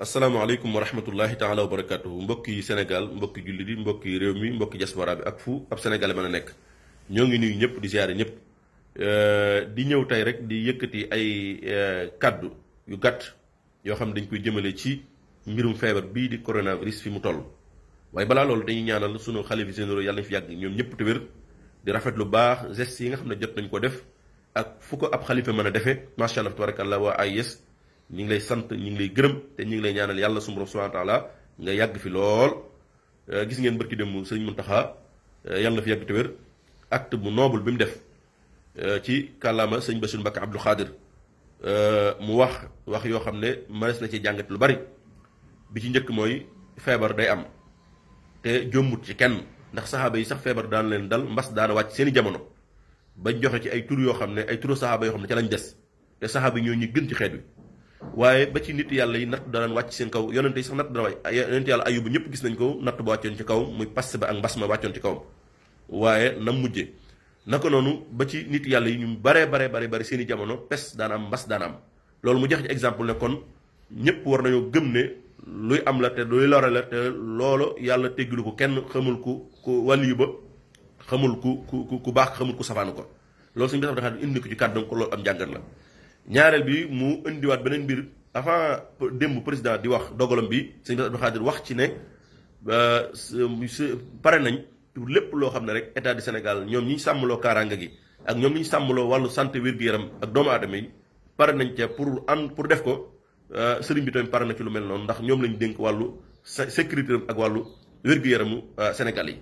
Assalamualaikum warahmatullahi taala wabarakatuh. mbokk yi senegal mbokk julli di yi réew mi diaspora bi ak fu ab Senegal mana nek ñoo ngi nuyu ñëpp di ziare euh di ñew tay rek di yëkëti ay euh, kaddu yu gatt yo xam dañ koy jëmele ci mbirum bi di coronavirus fi mu toll waaye bala loolu dañuy ñaanal sunu xalifi généraux yalla fi yag ñoom te wër di rafet lu baax geste yi nga xam ne jot nañ ko def ak fu ko ab khalifa mën a machallah allah tabarakallah AIS ñu ngi lay sant ñu ngi lay gërëm te ñu ngi lay ñaanal yàlla suñu borom subhanahu wa nga yàgg fi lool euh, gis ngeen barki dem sëriñ Muntaxa euh, yàlla na fi yàgg te wér acte bu noble bi mu def euh, ci kàllaama sëñ Bassirou Mbacké Abdou Khadir mu wax wax yoo xam ne mënees na ci jàngat lu bari bi ci njëkk mooy feebar day am te jombut ci kenn ndax saxaab yi sax feebar daan leen dal mbas daana wàcc seeni jamono bañ joxe ci ay tur yoo xam ne ay turu saxaaba yoo xam ne ca lañ des te saxaaba yi ñoo ñu gën ci xeet wi waaye ba ci nit yàlla yi natt daan wàcc seen kaw yonente yi sax natt dana wàcc yonente yàlla ayubu ñëpp gis nañ ko natt ba wàccoon ci kaw muy pass ba ak mbas ma wàccoon ci kawam waaye na mujje naka noonu ba ci nit yàlla yi ñu baree bare baree bare seen i jamono pes daan am mbas daan am loolu mu jox ci exemple ne kon ñëpp war nañoo gëm ne luy am la te luy lore la te loolu yàlla teggilu ko kenn xamul ku ku wàlliyu ba xamul ku ku ku baax xamul ku safaanu ko loolu suñu bi dafa indi ko ci kàddu ko loolu am njàngat la ñaareel bi mu indiwaat beneen mbir avant démb président di wax dogalam bi sëñ Abdou Khadir wax ci ne euh, pare nañ pour lépp loo xam ne rek état du Sénégal ñoom ñu sàmmloo kaaraanga gi ak ñoom ñu sàmmloo wàllu santé wér yaram ak doomu aadama yi pare nañ ca pour am pour def ko euh, sëriñ bi tamit pare na ci lu mel noonu ndax ñoom lañ dénk wàllu sécurité ak wàllu wér yaramu euh, Sénégal yi.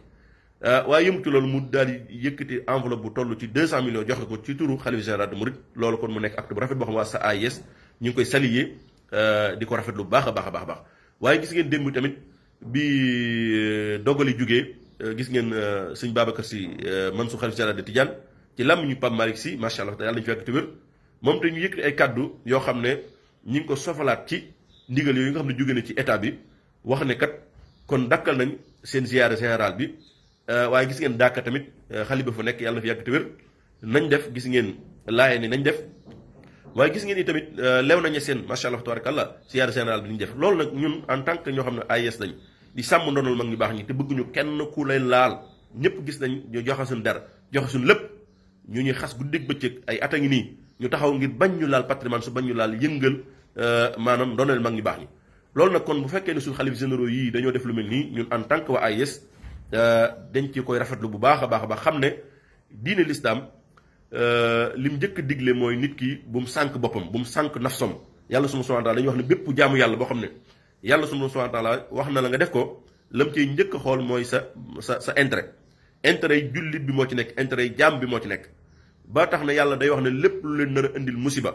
Euh, waaye yëmu ci loolu mu daal di yëkkati enveloppe bu toll ci 200 millions joxe ko ci turu xalif général de Mourid loolu kon mu nekk acte bu rafet boo xam waa sa AIS ñu ngi koy salier euh, di ko rafetlu bu baax a baax a baax baax waaye gis ngeen démb tamit bi euh, dogali jugee gis ngeen sëñ Babacar si Mansour xalif général de Tidiane ci lam ñu Pape Malick si macha allah yàlla nañu fekk ci wér moom te ñu yëkkati ay kàddu yoo xam ne ñi ngi ko sofalaat ci ndigal yooyu nga xam ne jóge na ci état bi wax ne kat kon dakkal nañ seen ziare général bi Eh, waaye gis ngeen dàkka tamit eh, xali fu fa nekk yàlla fi yàgg te wér nañ def gis ngeen laaye ni nañ def waaye gis ngeen ni tamit eh, lew nañu seen macha allah tabarakallah siyaara général bi ñu def loolu nag ñun en tant que ñoo xam ne AIS lañ di sàmm ndonal mag ñu baax ñi te ñu kenn ku lay laal ñëpp gis nañ ñu joxe suñ dara joxe suñ lépp ñu ñuy xas guddeeg bëccëg ay at a ngi nii ñu taxaw ngir bañ ñu laal patrimoine su bañ ñu laal yëngal maanaam ndonal mag ñu baax ñi loolu nag kon bu fekkee ne suñ xalif généraux yii dañoo def lu mel nii ñun en tant que wa AIS Euh, dañ ci koy rafetlu bu baax a baax a baax xam ne diine lislaam euh, lim jëkk digle mooy nit ki bu mu sànq boppam bu mu sànq nafsom yàlla subhaanahu wa taala dañuy wax ne bépp jaamu yàlla boo xam ne yàlla subhaanahu wa taala wax na la nga def ko lam ciy njëkk xool mooy sa sa sa intérêt intérêt yi jullit bi moo ci nekk intérêt yi jaam bi moo ci nekk ba tax na yàlla day wax ne lépp lu leen nar a indil musiba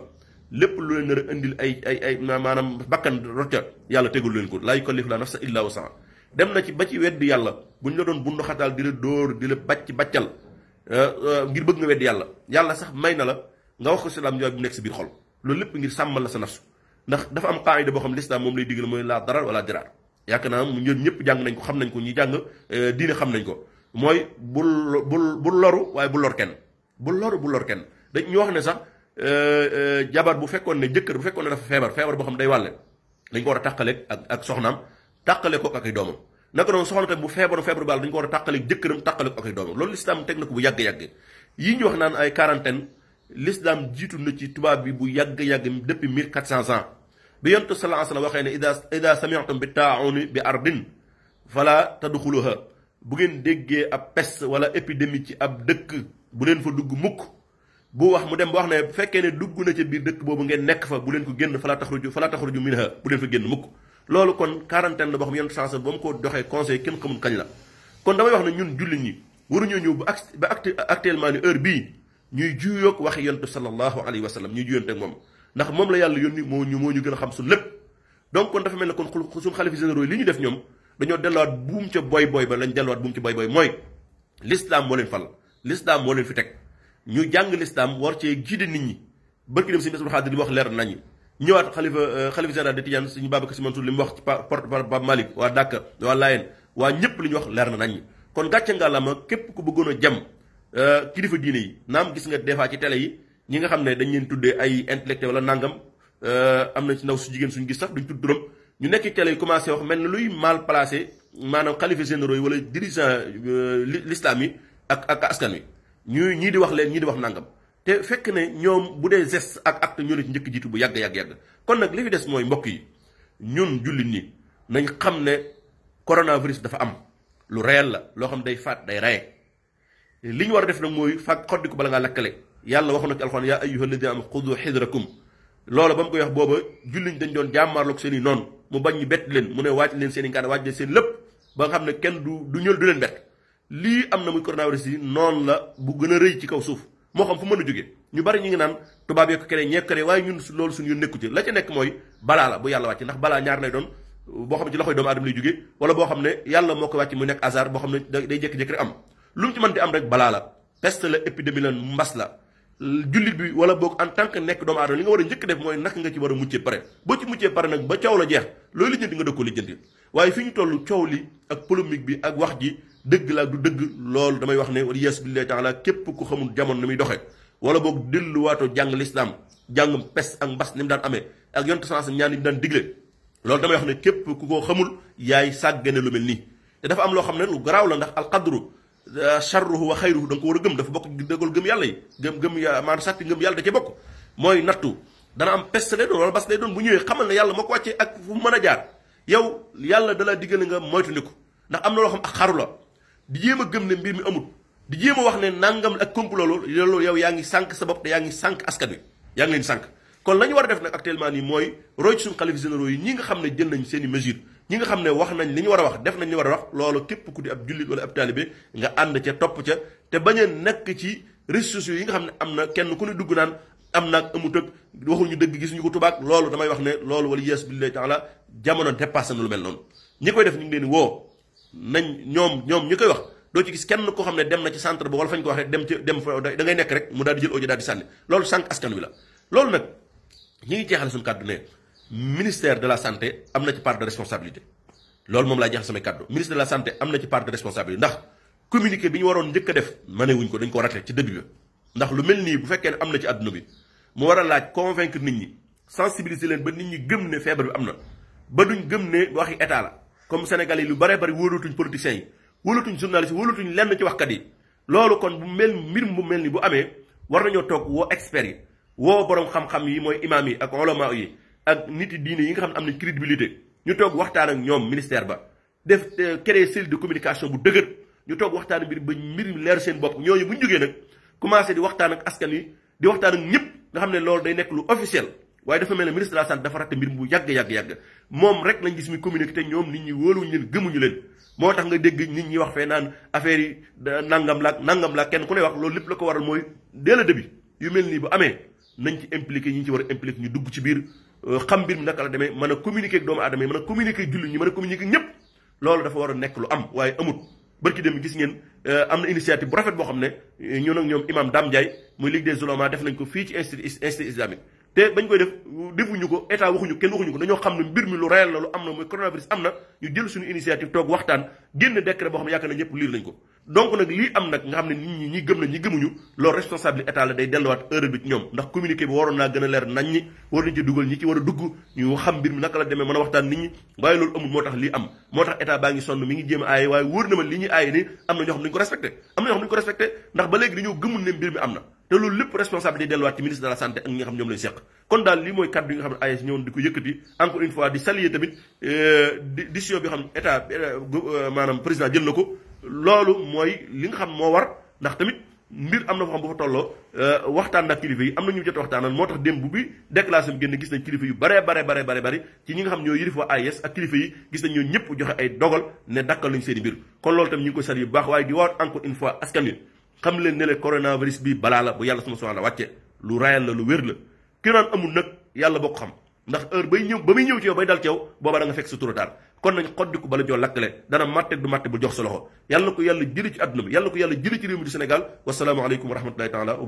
lépp lu leen nar a indil ay ay ay maanaam bakkan rocca yàlla tegul leen ko laa yukallifu laa nafsa illa wusaha dem na ci ba ci weddi yàlla bu ñu la doon bundu xataal la dóor di la bàcc bàccal euh, euh, ngir bëgg nga weddi yàlla yàlla sax may na la nga wax ko silaam jooy bu nekk si biir xol loolu lépp ngir sàmmal la sa nafsu ndax dafa am qaayida boo xam lislaam moom lay digal mooy laa darar wala diraar yaakaar naa mu ñun ñëpp jàng nañ ko xam nañ ko ñi jàng euh, diine xam nañ ko mooy bul bul bul loru waaye bu lor kenn bu loru bu lor kenn dañ ñu wax ne sax jabar bu fekkoon ne jëkkër bu fekkoon ne dafa feebar feebar boo xam day wàlle dañ ko war a tàqaleeg ak ak soxnaam takale ko ak ay doomam naka noonu soxna tam bu Februari Februari bal dañ ko wara takale tàqale takale ko ak ay doomam loolu l'islam tek na ko bu yag yag yi ñu wax naan ay quarantaine l'islam jitu na ci tubaab bi bu yag yag depuis 1400 ans bi yantu sallallahu alayhi wasallam waxe ne ida ida sami'tum bi ta'un bi ardin fala tadkhuluha bu ngeen degge ab pest wala épidémie ci ab dëkk bu leen fa dugg mukk bu wax mu dem ba wax ne bu fekkee ne dugg na ca biir dëkk boobu ngeen nekk fa bu leen ko génn fala taxruju fala taxruju minha bu leen fa génn mukk loolu kon quarantaine na boo xam yenn chance ba mu ko doxee conseil kenn xamul kañ la kon damay wax ne ñun jullit ñi waruñoo ñëw ba act ba actuellement ni heure bii ñuy juyoog waxi yonent sallallahu alayhi wa sallam ñuy juyante ak moom ndax moom la yàlla yoon yónni moo ñu moo ñu gën a xam suñu lépp donc kon dafa mel ne kon suñu xalifa généraux yi li ñu def ñoom dañoo delluwaat buum ca boy booy ba lañ delluwaat buum ca boy boy mooy l'islam moo leen fal l'islam moo leen fi teg ñu jàng l'islam war cee jiide nit ñi bërki dem si mesbul xaadir li wax leer nañu ñëwaat xalifa euh, xalifa jara de Tidiane suñu Babacar Sy Mansour li wax ci porte par Bab Malik wa Dakar wa Layen wa ñëpp li ñu wax leer na nañ kon gàcce ngàllama kep ku bëggono a jam euh, kilifa diiné yi naam gis nga des ci télé yi ñi nga xamné dañ leen tuddé ay intellectuel wala nangam euh amna ci ndaw su jigen suñu gis sax duñ tudd ñu nekk télé yi commencé wax melni luy mal placé manam khalifa généraux wala dirigeant euh, l'islam yi ak ak askan yi ñuy ñi di wax leen ñi di wax nangam te fekk ne ñoom bu dee geste ak at ñoo ci njëkk jiitu bu yàgg yàgg yàgg kon nag li fi des mooy mbokk yi ñun julli nii nañ xam ne coronavirus dafa am lu réel la loo xam day faat day rey li ñu war a def nag mooy faag xoddi ko bala ngaa lakkale yàlla waxu na ci alxuraan yaa ayyuha alladina am xudu xidrakum loola ba mu koy wax booba julliñ dañ doon jàmmaarloog seen i noonu mu bañ ñu bett leen mu ne waaj leen seen i ngaana waaj leen seen lépp ba xam ne kenn du du ñël du leen bett lii am na muy coronavirus yi bu gën rëy ci kaw suuf mo xam fu mëna joggé ñu bari ñi ngi naan tubaab yee ko keneen ñee ko waaye ñun loolu suñu yoon nekku ci la ca nekk moy bala la bu yalla wacc ndax bala ñaar lay doon bo xam ne ci loxoy doom adam lay joggé wala bo xam ne yàlla moo ko mu nekk azar bo xam day am lu mu ci mën di am rek bala la peste la épidémie la mbass la julit bi wala bok en tant que nek doom adam li nga wara jëk def moy nak nga ci wara muccé paré pare ci muccé pare nag ba ciow la jeex loolu jënd nga waifing li jënd waye fiñu tollu ciow li ak polémique bi ak wax ji dëgg la du dëgg loolu damay wax ne wala yes billahi taala képp ku xamul jamono ni muy doxee wala boog delluwaatoo jàng lislaam jàngum pes ak mbas ni mu daan amee ak yonte sanc ñaan yi mu daan digle loolu damay wax ne képp ku ko xamul yaay sàggane lu mel nii te dafa am loo xam ne lu garaaw la ndax alqadru charruhu euh, wa xayruhu da nga ko war a gëm dafa bokk dëggal gëm yàlla yi gëm gëm maanaam sàkk ngëm yàlla da ci bokk mooy nattu dana am pes wala bas lay doon bu ñëwee xamal ne yàlla moo ko wàccee ak fu mu mën a jaar yow yàlla dala diggale nga moytu ko ndax am na loo xam ak xaru di jéem a gëm ne mbir mi amul di jéem a wax ne nangam ak complot loolu loolu yow yaa ngi sànq sa bopp te yaa ngi sànq askan wi yaa ngi leen sànq kon la ñu war a def nag actuellement nii mooy roy ci suñu xalif généraux yi ñi nga xam ne jël nañ seen i mesure ñi nga xam ne wax nañ li ñu war a wax def nañ li war a wax loolu képp ku di ab jullit wala ab taalibe nga ànd ca topp ca te bañ a nekk ci réseaux yi nga xam ne am na kenn ku ne dugg naan am naag amut ak waxuñu dëgg gisuñu ko tubaab loolu damay wax ne loolu wala yes billahi taala jamono dépassé na lu mel noonu ñi koy def ñu ngi leen woo nañ ñoom ñoom ñi koy wax doo ci gis kenn koo xam ne dem na ci centre ba wala fañ ko wax rek dem ci dem fa da ngay nekk rek mu daal di jël audio daal di sànni loolu sànq askan wi la. loolu nag ñi ngi jeexal suñu kàddu ne ministère de la santé am na ci part de responsabilité loolu moom laa jeexal samay kàddu ministre de la santé am na ci part de responsabilité ndax communiqué bi ñu waroon njëkk a def mënewuñ ko dañ ko raté ci début bi ndax lu mel nii bu fekkee ne am na ci àdduna bi mu war a laaj convaincre nit ñi sensibiliser leen ba nit ñi gëm ne feebar bi na ba duñ gëm ne waxi état la. comme Sénégal yi lu bare bari wóolatuñ politiciens yi wóolatuñ journalistes yi wóolatuñ lenn ci waxkat yi loolu kon bu mel mbir mu mel ni bu amee war nañoo toog woo experts yi woo borom xam-xam yi mooy imaam yi ak olama yi ak nit yi diine yi nga xam ne am nañ crédibilité ñu toog waxtaan ak ñoom ministère ba def euh, créer cellule de communication bu dëgër ñu toog waxtaan mbir ba mbir leer seen bopp ñooñu bu ñu jógee nag commencé di waxtaan ak askan yi di waxtaan ñëpp nga xam ne loolu day nekk lu officiel waaye dafa mel ne ministre de la santé dafa ratte mbir mu yàgg yàgg yàgg moom rek lañ gis muy communiqué te ñoom nit ñi wóoluwuñu leen gëmuñu leen moo tax nga dégg nit ñi wax fee naan affaire yi nangam laa nangam laak kenn ku ne wax loolu lépp la ko waral mooy dès le début yu mel nii bu amee nañ ci impliqué ñi ñu ci war a impliqué ñu dugg ci biir euh, xam mbir mi naka la demee mën a communiqué ak doomu aadama yi mën a communiqué jullit ñi mën a communiqué ñëpp loolu dafa war a nekk lu am waaye amut gis ngeen euh, am na initiative bu rafet boo xam ne euh, ñun ak ñoom imam Dame Ndiaye muy Ligue des Oulémas def nañ ko fii ci institut institut te bañ koy def defuñu ko état waxuñu kenn waxuñu ko dañoo xam ne mbir mi lu réel la lu am na mooy coronavirus am na ñu jël suñu initiative toog waxtaan génn décret boo xam ne yaakaar na ñëpp liir lañ ko donc nag lii am nag nga xam ne nit ñi ñi gëm na ñi gëmuñu loolu responsable état la day delluwaat heure bi ci ñoom ndax communiqué bi waroon naa gën a leer nañ ñi war nañ ci dugal ñi ci war a dugg ñu xam mbir mi naka la demee man a waxtaan nit ñi waaye loolu amul moo tax lii am moo tax état baa ngi sonn mi ngi jéem aaye waaye wóor na ma li ñuy aaye ni am na ñoo xam ne ñu ko respecté am na ñoo xam ne ñu ko respecté ndax ba léegi dañoo gëmul ne mbir mi na te loolu lépp responsable day delluwaat ci ministre xam ñoom lay seq kon daal lii mooy kaddu yi euh, bi xam état euh, euh, maanaam président jël na ko loolu mooy li nga xam moo war ndax tamit mbir am na foo xam bu fa tolloo euh, waxtaan na kilifa yi am na ñu jot waxtaanal moo tax démb bi déclaration bi génn gis nañ kilifa yu bare bare bare bare bëri ci ñi nga xam ñoo yërif waa AIS ak kilifa yi gis nañ ñoo ñëpp joxe ay dogal ne dakkal nañ seen i mbir kon loolu tam ñu ngi koy sal yu baax waaye di waat encore une fois askan wi xam leen ne le coronavirus bi balaa la bu yàlla suma subhaana wàcce lu rayal la lu wér la ki amul nag yàlla boo xam ndax heure bay ñëw ba muy ñëw ci yow bay dal ci yow booba sa trop tard kon nañ xoddiku bala joo lakkale dana matte du matte bu jox sa loxo yàlla na ko yàlla jëli ci àdduna bi yàlla na ko yàlla jëli ci réew mi di Sénégal wasalaamualeykum wa rahmatulahi taala